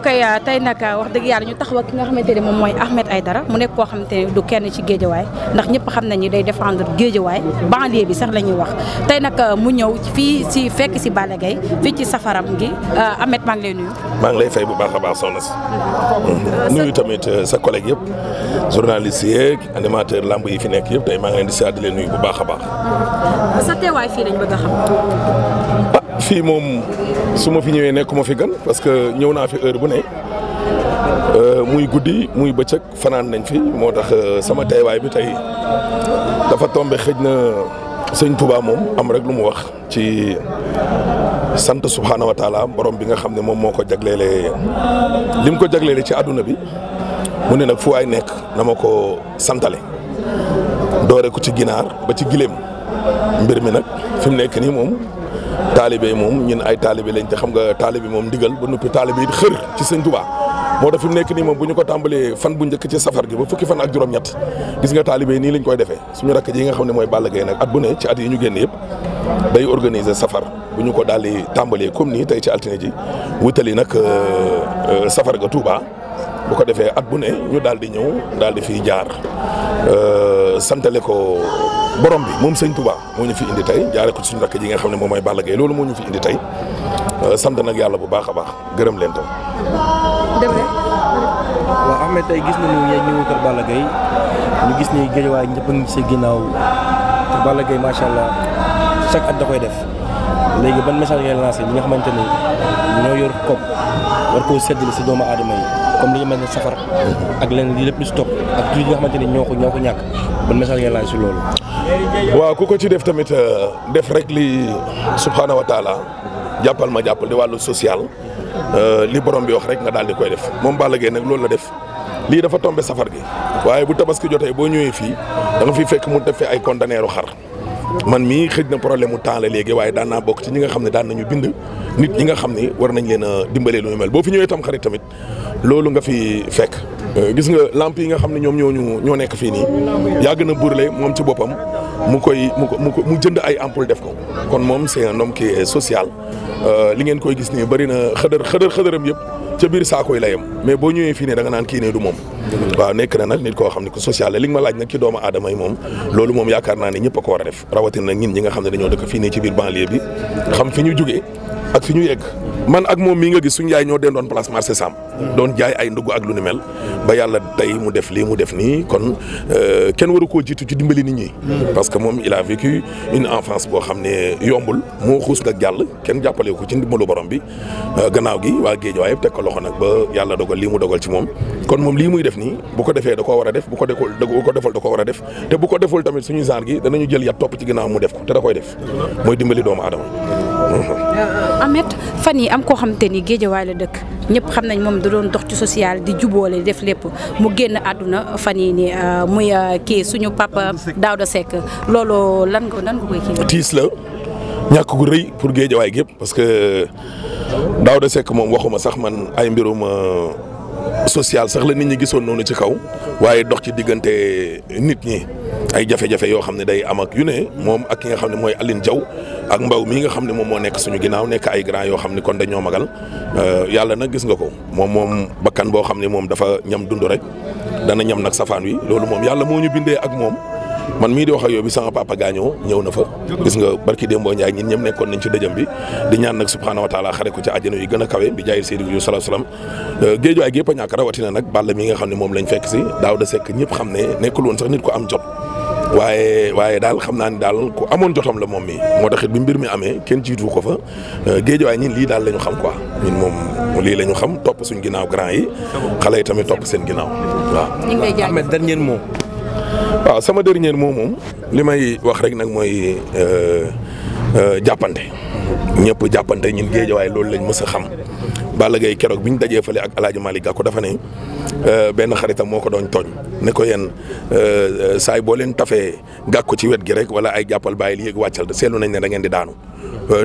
waaw kay euh, tey nag euh, wax dëgg yàlla ñu taxaw ki nga xamante ne moom mooy Ahmed dara mu nekk koo xamante ne du kenn ci géejawaay ndax ñëpp xam nañu day défendre géejawaay banlieue bi sax la ñuy wax tey nag euh, mu ñëw fii si fekk si Balla gay fii ci safaram gi Ahmed mang ngi lay nuyu. maa ngi lay fay bu baax a baax soxna si. Mm-hmm. nuyu tamit sa collègue yëpp journaliste yeeg animateur lamb yi fi nekk yëpp tey maa ngi leen di si àddale nuyu bu baax a baax. Mm-hmm. sa teewaay fii lañ bëgg a fii moom su ma fi ñëwee nekk ma fi gan parce que ñëw naa fi heure bu ne euh, muy guddi muy bëccëg fanaan nañ fi moo tax euh, sama teewaay bi tey dafa tombe xëj na sëñ Touba moom am rek lu mu wax ci sant subhaana wa taala borom bi nga xam ne moom moo ko jagleele lim ko jagleele ci àdduna bi mu ne nag fu waay nekk na ma ko santale doore ko ci ginaar ba ci gileem mbir mi nag fi mu nekk nii moom. taalibe moom ñun ay taalibe lañ te xam nga taalibe moom ndigal ba noppi taalibe it xër ci sëñ Tuubaa moo tax nekk nii moom bu ñu ko tàmbalee fan bu njëkk ci safar gi ba fukki fan ak juróom-ñett gis nga taalibe nii lañ koy defee suñu rakk ji nga xam ne mooy Balla Gaye nag at bu ne ci at yi ñu génn yëpp day organiser safar bu ñu ko daal di tàmbalee comme nii tey ci altine ji wutali nag euh, euh, safar ga Tuubaa bu ko defee at bu ne ñu daal di ñëw daal di fiy jaar euh, santale ko borom bi moom sëñ Touba moo ñu fi indi tey jaare ko suñu rakk ji nga xam ne moom mooy Balla Gaye loolu moo ñu fi indi tey euh, sant nag yàlla bu baax a baax gërëm leen tam. dem ne. waaw tey gis nañu ne ñu ngi kër Balla Gaye ñu gis ne géejawaay ñëpp a ginnaaw te Balla macha allah chaque at da koy def léegi ban message ngay lancé ñi nga xamante ni ñoo yor kopp war koo séddale si doomu aadama yi. comme li ñu mel ne safar ak leneen li lépp lu si topp ak li nga xamante ne ñoo ko ñoo ko ñàkk ban message ngeen si loolu waaw ku ko ci def tamit euh, def rek li subhaanahu wa jàppal ma jàppal di wàllu social euh, li borom bi wax rek nga daal di koy def moom Balla Gaye nag loolu la def lii dafa tombé safar gi waaye bu tabaski jotee boo ñëwee fii dama nga fiy fekk mu defee ay conteneeru xar man mii xëj na problème mu temps la léegi waaye daan naa bokk ci ñi nga xam ne daan nañu bind nit ñi nga xam ne war nañ leen a dimbalee lu ñu mel boo fi ñëwee tam xarit tamit loolu nga fi fekk. Euh, gis nga lamp yi nga xam ne ñoom ñoo ñoo nekk fii nii yàgg na burle moom si boppam mu koy mu ko mu jënd ay ampoule def ko kon moom c'est un homme qui est euh, li ngeen koy gis nii bëri na xëdër xëdër xëdëram yëpp. ca biir saako yi la yem mais boo ñëwee fii ne da nga naan kii ne du moom waaw nekk na nag nit koo xam ne ku social la li nga ma laaj nag ci doomu aadama moom loolu moom yaakaar naa ne ñëpp a ko war a def rawatina nag ñin xam ne dañoo dëkk fii ne ci biir banlieue bi xam fi ñu jugee ak fi ñu yegg man ak moom mi nga gis suñ yaay ñoo den doon place marché Sam doon jaay ay ndugg ak lu ni mel ba yàlla tey mu def lii mu def nii kon euh, kenn waru koo jiitu ci dimbali nit ñi parce que moom il a vécu une enfance boo xam ne yombul moo xuus nga jàll kenn jàppale ko ci ndimbalu borom bi euh, gannaaw gi waa géej waaye teg ko loxo nag ba yàlla dogal lii mu dogal ci moom kon moom lii muy def nii bu ko defee da koo war a def bu ko deful da ko defal da koo war a def te bu ko deful tamit suñu genre gi danañu jël yat topp ci ginnaaw mu def ko te da koy mooy dimbali doomu aadama am koo xamante ni géejawaay la dëkk ñëpp xam nañ moom da doon dox ci social di jubóole def lépp mu génn àdduna fan yii nii euh, muy euh, kii suñu papa Daouda Seck loolu lan nga lan nga koy kii. tiis la ñàkk gu rëy pour géejawaay gépp parce que Daouda Seck moom waxuma sax man ay mbirum euh, social sax la nit ñi gisoon noonu ci kaw waaye dox ci diggante nit ñi. ay jafe-jafe yoo xam ne day amak yu ne moom ak ki nga xam ne mooy alin jaw ak mbaw mii nga xam ne moom moo nekk suñu ginnaaw nekk ay grand yoo xam ne kon dañoo euh, yàlla nag gis nga ko moom moom bakkan boo xam ne moom dafa ñam dund rek dana ñam nag safaan wi loolu moom yàlla moo ñu bindee ak moom man mii di wax ak yow bi sama papa gaañoo ñëw na fa gis nga barki Dembo Ndiaye ñun ñëpp nekkoon nañ ci dëjëm bi di ñaan nag subhaanahu wa taala xare ko ci àjjana yi gën kawe bi jaayir Seydou Diouf salaahu salaam euh, géej waay gépp a rawatina nag Balla mi nga xam ne moom lañ fekk si daaw da sekk ñëpp xam ne nekkul woon sax nit ko am jot waaye waaye daal xam naa ni daal ko amoon jotam la moom mi moo tax it bi mbir mi amee kenn jiitu ko fa euh, géejawaay ñin lii daal la ñu xam quoi ñun moom lii la ñu xam topp suñ ginnaaw grand yi xale yi tamit topp seen ginaaw waaw. ñu ngi lay jaajëf Ahmed dernier sama dernier mot moom li may wax rek nag mooy euh, euh, jàppante ñëpp jàppante ñun géejawaay loolu lañ mës xam Balla Gaye keroog bi ñu dajee fale ak El Hadj Malick Gakou dafa ne. Euh, benn xaritam moo ko doon tooñ ne ko yéen euh, euh, saay boo leen tafee gàkku ci wet gi rek wala ay jàppal bàyyil yéeg wàccal da seetlu nañ ne da ngeen di daanu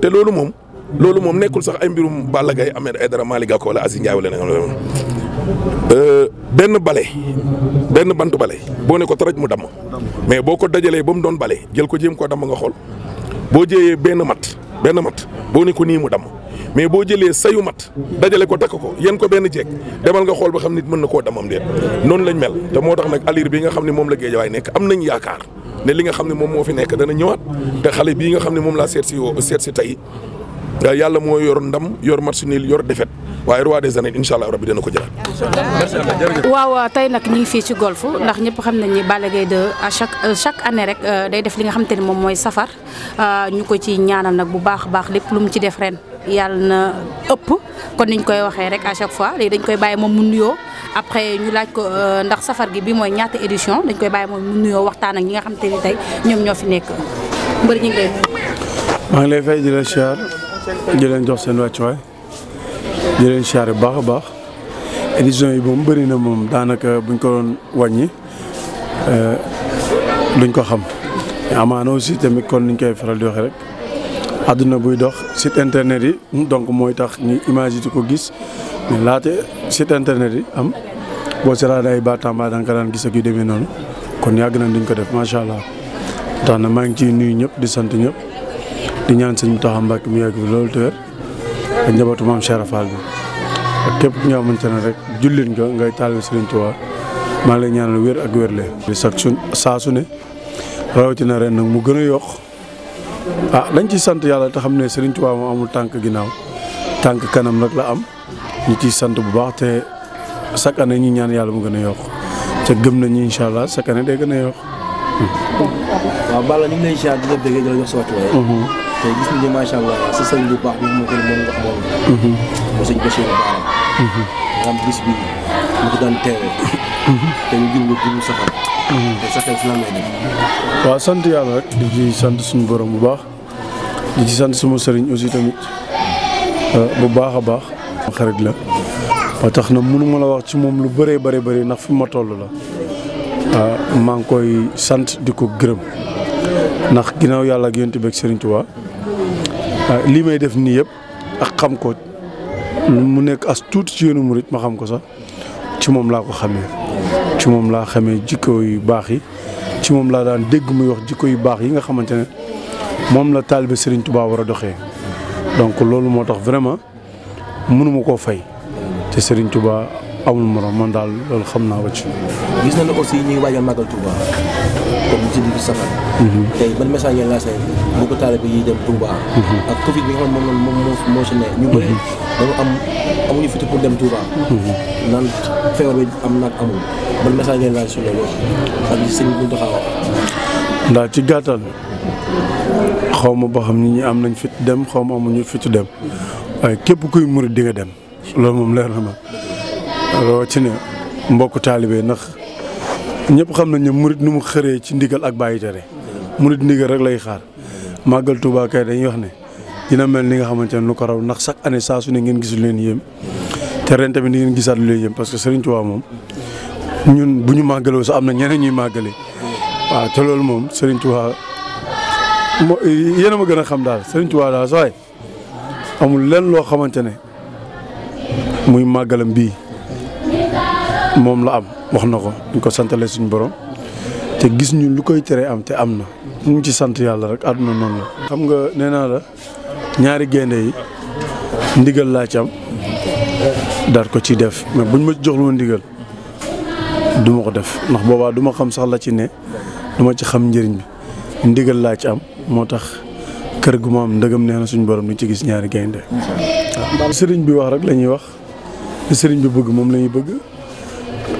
te loolu moom loolu moom nekkul sax ay mbirum Balla Gaye Ahmed Aïdara Malick Gakou wala Aziz Ndiaye wala leneen benn bale benn bantu bale boo ne ko taraj mu damm mais boo ko dajalee ba mu doon bale jël ko jéem koo damm nga xool boo jëyee benn mat benn mat boo ne ko nii mu damm mais boo jëlee sayu mat dajale ko takk ko yen ko benn jeeg demal nga xool ba xam nit mën na koo damam déet noonu lañ mel te moo tax nag alir bi nga xam ne moom la géejawaay nekk am nañ yaakaar li nga xam ne moom moo fi nekk dana ñëwaat te xale bii nga xam ne moom laa seet si seet si yàlla moo yor ndam yor match nul yor défaite waaye roi des arènes incha allah rabbi dana ko jëlaat. waaw tey nag ñu ngi fii ci golf ndax ñëpp xam nañ ni Balla Gaye 2 à chaque euh, chaque année rek euh, day def li nga xam te ne moom mooy safar euh, ñu ko ci ñaanal nag bu baax a baax lépp lu mu ci def ren. yàlla na ëpp kon niñ koy waxee rek à chaque fois léegi dañ koy bàyyi moom mu nuyoo après ñu laaj ko euh, ndax safar gi bi mooy ñaata édition dañ koy bàyyi moom mu nuyoo waxtaan ak ñi nga xam te ni tey ñoom ñoo fi nekk mbër ñu ngi lay maa ngi lay fay di leen siyaar di jox seen wàccuwaay di leen bu baax baax édition yi moom bëri na moom daanaka buñ ko waññi wàññi euh, duñ ko xam amaana aussi tamit kon niñ koy faral di waxee rek àdduna buy dox site internet yi donc mooy tax ñu image yi di ko gis mais laate site internet yi am boo seetaan ay Batamba da nga daan gis ak yu demee noonu kon yàgg nañ duñ ko def macha allah tax na maa ngi ciy nuyu ñëpp di sant ñëpp di ñaan sëñ Mountakha Mbacké mu yàgg fi loolu tëër ak njabootu maam Cheikh Fall bi ak képp ki nga xamante ne rek jullit ko ngay taalibe Sëriñ Tuubaa maa ngi lay ñaanal wér ak wérle. di sakku saa su ne rawatina ren nag mu gën a yokk ah dañ ciy sant yàlla te xam ne Serigne Touba moom amul tànk ginnaaw tànk kanam nag la am ñu ciy sant bu baax te chaque année ñi ñaan yàlla mu gën a yokk te gëm nañu incha allah chaque année gën a yokk. waaw Balla ñu ngi lay ziar di la déggee di jox sa wàccuwaay. Mhm. te gis nañu ne sa sëriñ bu baax bi mu ko moom nga xamoon. ba mhm. sëñ Bachir Ba. Mhm. nga am bis bi mu ko daan teewee. te sa xel sant yàlla rek di ci sant suñu borom bu baax di ci sant suma sëriñ aussi tamit euh, bu baax a baax. xarit la ba tax na mënu ma la wax ci moom lu bëree bëri bëri ndax fi ma toll la ah, maa ngi koy sant di ko gërëm ndax ginnaaw yàlla ak yonent bi ak Sëriñ Tuubaa ah, lii may def nii yëpp ak xam ko mu nekk as tuuti ci yoonu murit ma xam ko sax ci moom laa ko xamee. ci moom laa xamee jikko yu baax yi ci moom laa daan dégg muy wax jikko yu baax yi nga xamante ne moom la taalibe Serigne Touba war a doxee donc loolu moo tax vraiment mënuma koo fay te Serigne Touba amul morom man daal loolu xam naa ko ci. aussi ñu ngi comme si biir safar tey ban message ngeen lancé bu ko taalibe yi dem Touba mhm. ak Covid bi nga xam ne moom moom moo si ne ñu bëri mhm. dañu am amuñu fitu pour dem Touba mhm. naan feebar bi am naag amul ban message ngeen lancé sur loolu ak ñu taxaw ndax ci gàttal xaw ma ba xam nit ñi am nañ fit dem xaw ma amuñu fitu dem waaye képp kuy murit di nga dem loolu moom leer na ma roo ci ne mbokk taalibe ndax ñëpp xam nañ ne murit nu mu xëree ci ndigal ak bàyyi tere murit ndigal rek lay xaar màggal Touba kay dañuy wax ne dina mel ni nga xamante ne lu ko raw ndax chaque année saasu ne ngeen gisul leen yéem te ren tamit di ngeen gisaat lu leen yéem parce que Serigne Touba moom ñun bu ñu màggaloo sax am na ñeneen ñuy màggale waaw te loolu moom Serigne Touba mo yéen ma gën a xam daal Serigne Touba daal sooy amul len loo xamante ne muy màggalam bii. moom la am wax na ko ñu ko santale suñu borom te gis ñu lu koy teree am te am na ñu ci sant yàlla rek àdduna noonu la. xam nga nee naa la ñaari gaynde yi ndigal laa ci am daal ko ci def mais buñ ma jox lu ma ndigal du ma ko def ndax boobaa du ma xam sax la ci ne du ma ci xam njëriñ bi ndigal laa ci am moo tax kër gu ma am ndëgam nee na suñu borom ñu ci gis ñaari gaynde sëriñ bi wax rek la wax sëriñ bi bëgg moom lañuy bëgg.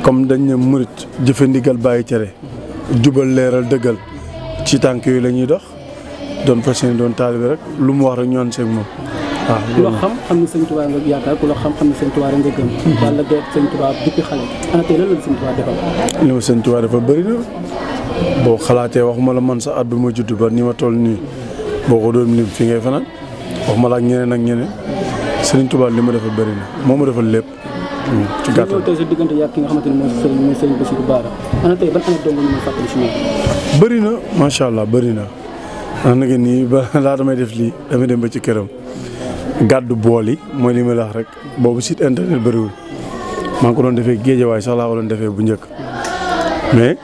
comme dañ ne murit jëfe ndigal bàyyi cere jubal leeral dëggal ci tànk yooyu la ñuy dox doon fas doon taalibe rek lu mu wax rek ñoon seeg moom waaw ah, ku la xam xam ne sëñ Tuubaa nga yaakaar ku la xam xam ne sëñ Tuubaa nga ma sëñ Tuubaa dafa bëri boo xalaatee waxuma la man sa at bi ma judd ba ni ma toll nii boo ko doon lim fi ngay fanaan waxuma la ak ak ñeneen sëñ Tuubaa li ma dafa bëri na moo ma defal lépp Mm. ci gàttal li tey na macha allah na wax na ngeen ni ba def lii damay ci këram gàddu bool yi mooy li ma la rek boobu site internet bëriwul maa ngi ko doon defee géejawaay sax laa ko defee bu njëkk mais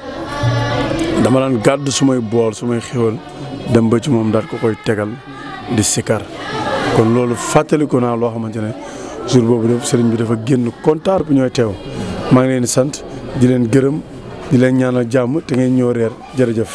dama daan gàddu sumay bool sumay xéwal dem ba ci moom daal ko koy tegal di sikar kon loolu fàttaliku naa loo xamante ne. jour boobu def sëriñ bi dafa génn kontaar bu ñooy teew maa ngi leen di sant di leen gërëm di leen ñaanal jàmm te ngeen ñoo reer jërëjëf